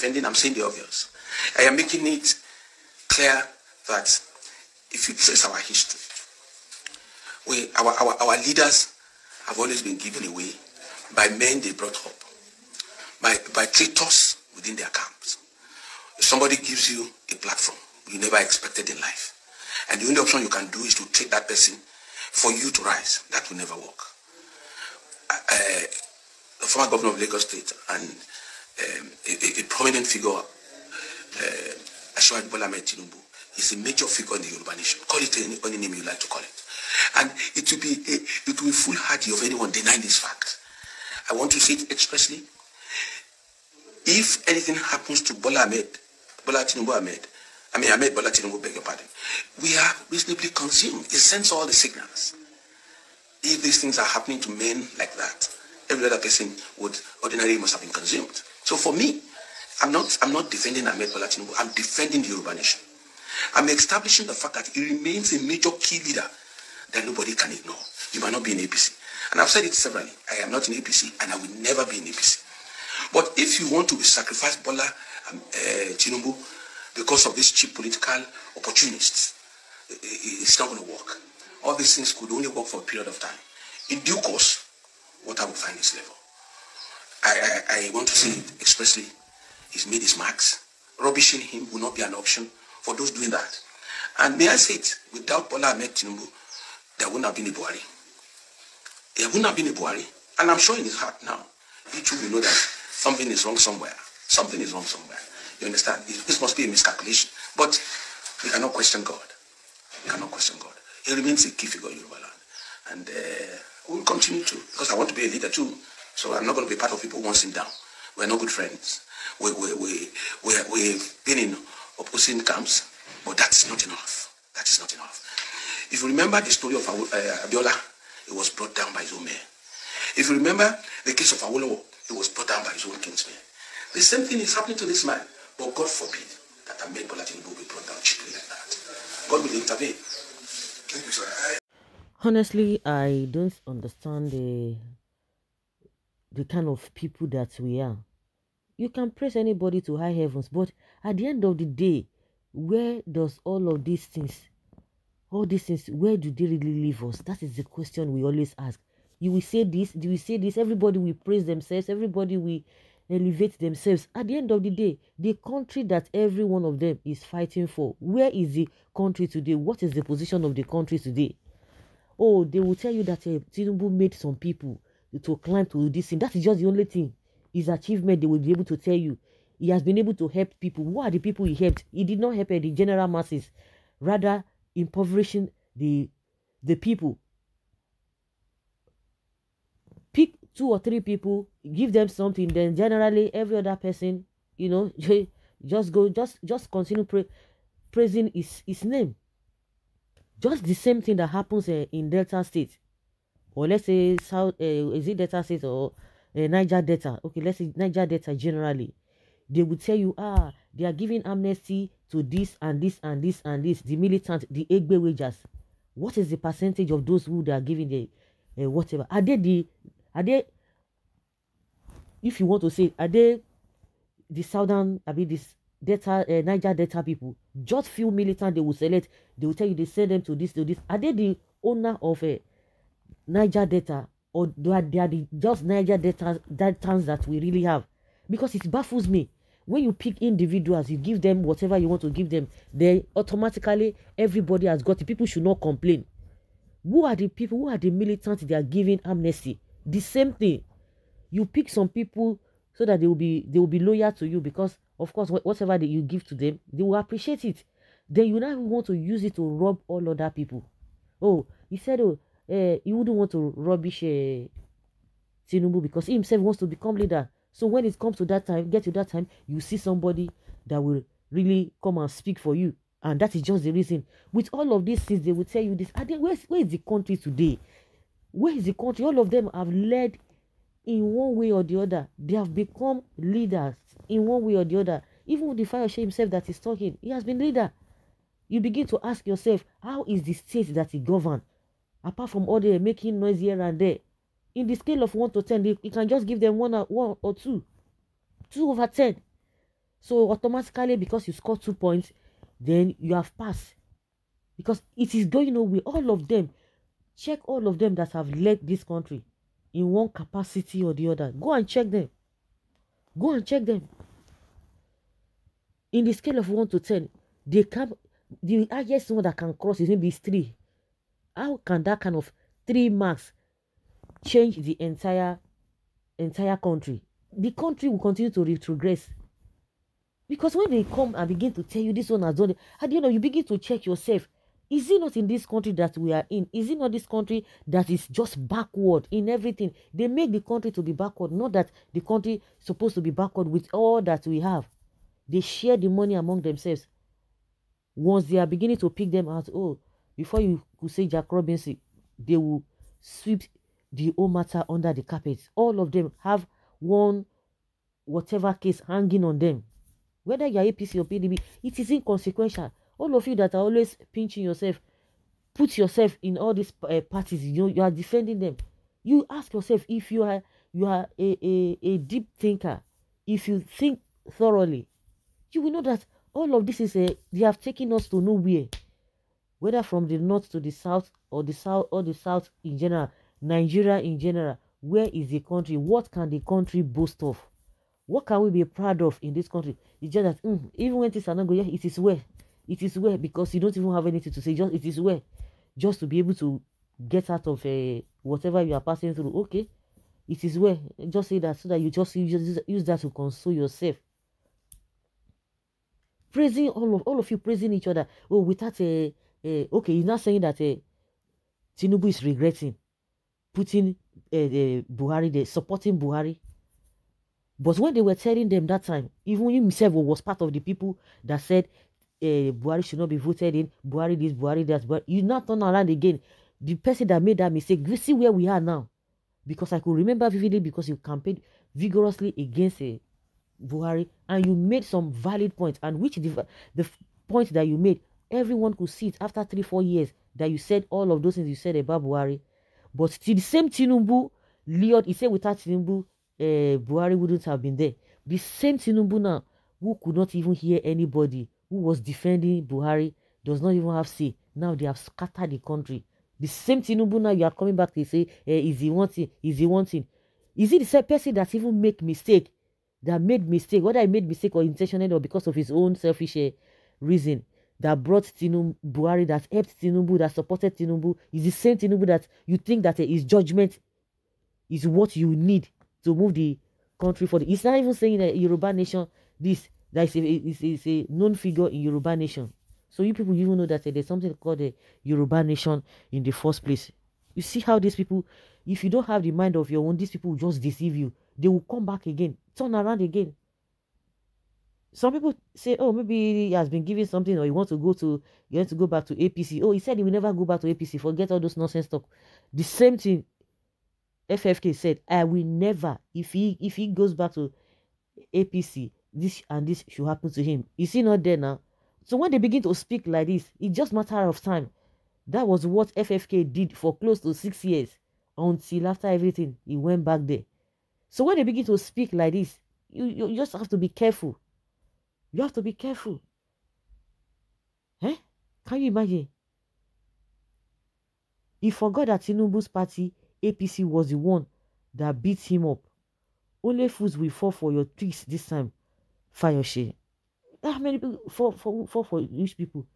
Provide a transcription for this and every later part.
defending, I'm saying the obvious. I am making it clear that if you trace our history, we, our, our, our leaders have always been given away by men they brought up, by, by traitors within their camps. If somebody gives you a platform you never expected in life, and the only option you can do is to treat that person for you to rise. That will never work. Uh, uh the former governor of Lagos State and um, a, a, prominent figure, uh, Ashwad Bola Tinubu, is a major figure in the Yoruba nation. Call it any, any name you like to call it. And it will be a, it will be foolhardy of anyone denying this fact. I want to say it expressly. If anything happens to Bola Ahmed, Bola Tinubu Ahmed, I mean Ahmed Bola Tinubu, beg your pardon, we are reasonably consumed. It sends all the signals. If these things are happening to men like that, every other person would ordinarily must have been consumed. So for me, I'm not, I'm not defending Ahmed Bola I'm defending the Yoruba nation. I'm establishing the fact that he remains a major key leader that nobody can ignore. You might not be in APC. And I've said it severally. I am not in APC and I will never be in APC. But if you want to sacrifice Bola um, uh, Tinubu because of these cheap political opportunists, eh, eh, it's not going to work. All these things could only work for a period of time. In due course, water will find its level. I, I, I want to say it expressly. He's made his marks. Rubbishing him will not be an option for those doing that. And may I say it, without Bola Ahmed Tinubu, there wouldn't have been a Buhari. There wouldn't have been a Buhari. And I'm sure in his heart now, he too will know that something is wrong somewhere. Something is wrong somewhere. You understand? This must be a miscalculation. But we cannot question God. We cannot question God. He remains a key figure in Yoruba land. And uh, we'll continue to, because I want to be a leader too. So I'm not going to be part of people once wants him down. We're not good friends. We, we, we, we, we've been in opposing camps, but that's not enough. That is not enough. If you remember the story of uh, Abiola, it was brought down by his own mayor. If you remember the case of Awolowo, it was brought down by his own kinsman. The same thing is happening to this man, but God forbid that a man Bola Tinubu be brought down cheaply like that. God will intervene. Honestly, I don't understand the the kind of people that we are. You can praise anybody to high heavens, but at the end of the day, where does all of these things, all these things, where do they really leave us? That is the question we always ask. You will say this, do will say this? Everybody will praise themselves, everybody will elevate themselves. At the end of the day, the country that every one of them is fighting for, where is the country today? What is the position of the country today? Oh, they will tell you that uh, Tinubu made some people it will climb to this thing. That is just the only thing. His achievement, they will be able to tell you. He has been able to help people. Who are the people he helped? He did not help the general masses, rather impoverishing the the people. Pick two or three people, give them something, then generally every other person, you know, just go, just just continue praising his, his name. Just the same thing that happens uh, in Delta State or let's say South uh, is it data state or uh, Niger data. Okay, let's say Niger data generally. They will tell you, ah, they are giving amnesty to this and this and this and this, the militant, the Egbe wagers. What is the percentage of those who they are giving the uh, eh, whatever? Are they the are they if you want to say are they the southern I mean this data uh, Niger data people just few militants they will select they will tell you they send them to this to this are they the owner of a Niger data or they are, they are the just Niger data datans that we really have. Because it baffles me. When you pick individuals, you give them whatever you want to give them, they automatically everybody has got it. People should not complain. Who are the people? Who are the militants they are giving amnesty? The same thing. You pick some people so that they will be they will be loyal to you because of course whatever that you give to them, they will appreciate it. Then you now want to use it to rob all other people. Oh, he said, oh, uh, he wouldn't want to rubbish uh, Tinubu because he himself wants to become leader. So when it comes to that time, get to that time, you see somebody that will really come and speak for you. And that is just the reason. With all of these things, they will tell you this. Are they, where, is the country today? Where is the country? All of them have led in one way or the other. They have become leaders in one way or the other. Even with the fire himself that is talking, he has been leader. You begin to ask yourself, how is the state that he governed? apart from all the making noise here and there in the scale of one to ten, you can just give them one or, one or two 2 over ten. so automatically because you score two points then you have passed because it is going away all of them check all of them that have led this country in one capacity or the other go and check them go and check them in the scale of one to ten, they come the highest one that can cross is maybe three how can that kind of three marks change the entire entire country? The country will continue to retrogress. Because when they come and begin to tell you this one has done it, at you know you begin to check yourself. Is it not in this country that we are in? Is it not this country that is just backward in everything? They make the country to be backward. Not that the country is supposed to be backward with all that we have. They share the money among themselves. Once they are beginning to pick them out, oh, Before you could say Jack Robinson, they will sweep the whole matter under the carpet. All of them have one whatever case hanging on them. Whether you're APC or PDB, it is inconsequential. All of you that are always pinching yourself, put yourself in all these uh, parties. You know, you are defending them. You ask yourself if you are you are a, a, a deep thinker. If you think thoroughly, you will know that all of this is a uh, they have taken us to nowhere. whether from the north to the south or the south or the south in general, Nigeria in general, where is the country? What can the country boast of? What can we be proud of in this country? It's just that mm, even when things are not going, it is where, It is where because you don't even have anything to say. Just it is where, just to be able to get out of uh, whatever you are passing through. Okay, it is where. Just say that so that you just, you just use that to console yourself praising all of all of you praising each other oh without a eh, uh, okay, he's not saying that uh, Tinubu is regretting putting uh, eh, the Buhari, the supporting Buhari. But when they were telling them that time, even himself was part of the people that said uh, Buhari should not be voted in, Buhari this, Buhari that. But you not turn around again. The person that made that mistake, you see where we are now. Because I could remember vividly because you campaigned vigorously against uh, Buhari and you made some valid points, and which the, the that you made Everyone could see it after three, four years that you said all of those things you said about Buhari. But still, the same Tinubu, Leon, he said without Tinubu, uh, Buhari wouldn't have been there. The same Tinubu now, who could not even hear anybody, who was defending Buhari, does not even have say. Now they have scattered the country. The same Tinubu now you are coming back to say, eh, is he wanting? Is he wanting? Is he the same person that even make mistake? That made mistake, whether he made mistake or intentionally or because of his own selfish uh, reason that brought Tinubu, Buhari, that helped Tinubu, that supported Tinubu, is the same Tinubu that you think that uh, his judgment is what you need to move the country forward. It's not even saying that Yoruba nation, this, that is a, is, is a known figure in Yoruba nation. So you people, even know that uh, there's something called the eh, Yoruba nation in the first place. You see how these people, if you don't have the mind of your own, these people will just deceive you. They will come back again, turn around again some people say, oh, maybe he has been given something, or he wants to go to, he wants to go back to APC. Oh, he said he will never go back to APC. Forget all those nonsense talk. The same thing FFK said, I will never, if he if he goes back to APC, this and this should happen to him. Is he not there now? So when they begin to speak like this, it's just matter of time. That was what FFK did for close to six years until after everything he went back there. So when they begin to speak like this, you, you just have to be careful. You have to be careful. Eh? Can you imagine? He forgot that Tinubu's party, APC, was the one that beat him up. Only fools will fall for your tricks this time, Fayoshe. How many people fall, for fall for rich people?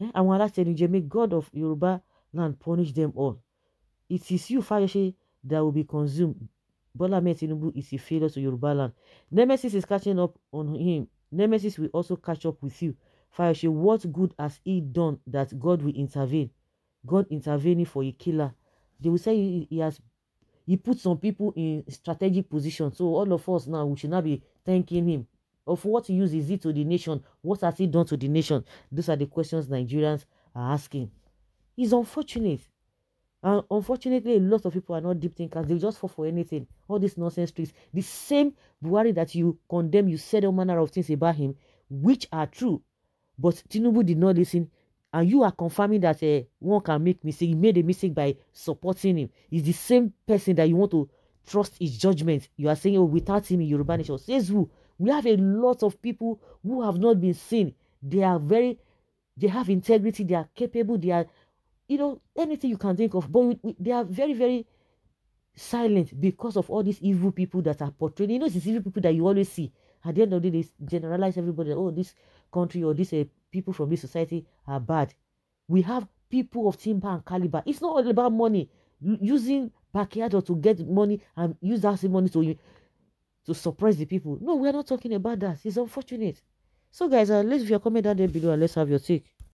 Eh? And when I tell you, may God of Yoruba land punish them all. It is you, Fayoshe, that will be consumed. Bola Tinubu is a failure to Yoruba land. Nemesis is catching up on him Nemesis will also catch up with you. Fayoshe, what good has he done that God will intervene? God intervening for a killer. They will say he, he has he put some people in strategic position. So all of us now we should not be thanking him. Of what use is it to the nation? What has he done to the nation? Those are the questions Nigerians are asking. It's unfortunate. And unfortunately, a lot of people are not deep thinkers. They just fall for anything. All these nonsense tricks. The same Buhari that you condemn, you said all manner of things about him, which are true. But Tinubu did not listen. And you are confirming that uh, one can make mistake. He made a mistake by supporting him. It's the same person that you want to trust his judgment. You are saying, oh, without him in Yoruba Nation. Says who? We have a lot of people who have not been seen. They are very, they have integrity. They are capable. They are you know, anything you can think of. But we, we, they are very, very silent because of all these evil people that are portrayed. You know, these evil people that you always see. At the end of the day, they generalize everybody. Oh, this country or these uh, people from this society are bad. We have people of timber and caliber. It's not all about money. L- using backyard or to get money and use that same money to to suppress the people. No, we are not talking about that. It's unfortunate. So, guys, uh, leave your comment down there below and let's have your take.